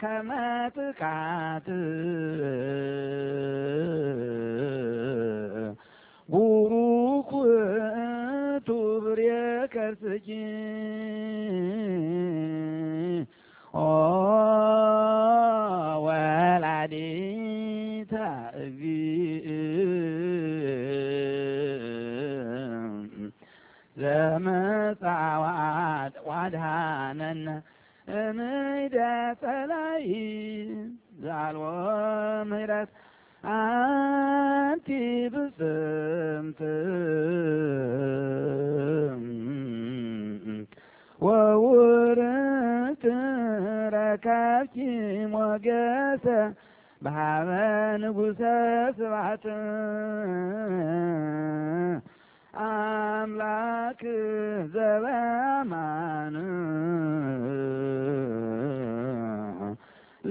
ከመጥቃት ቡሩክ ቱብር የከርስጅ ርስኪ ወላዲተ እምይደጸ ላይ ዛልዎ ምህረት አንቲ ብጽምት ወውርት ረካብኪ ሞገሰ በሃበ ንጉሰ ስብሐት አማን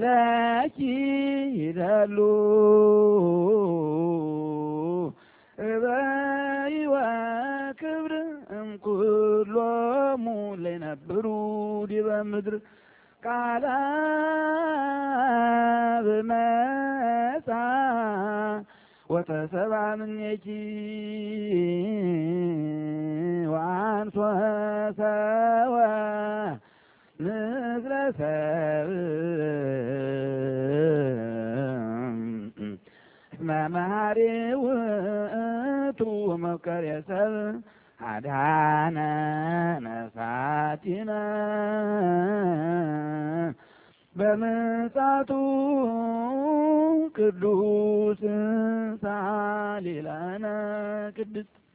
ላኪ ይላሉ እበይዋ ክብር እምኩሎሙ ለነበሩ ዲበ ምድር ቃላ ብመጻ وتسبع من يجي ሰዋ ምድረ ሰብ መማሪ ሰብ አድሃነ ነፍሳቲነ በምጻቱ ቅዱስ ሳሊላነ ቅድስት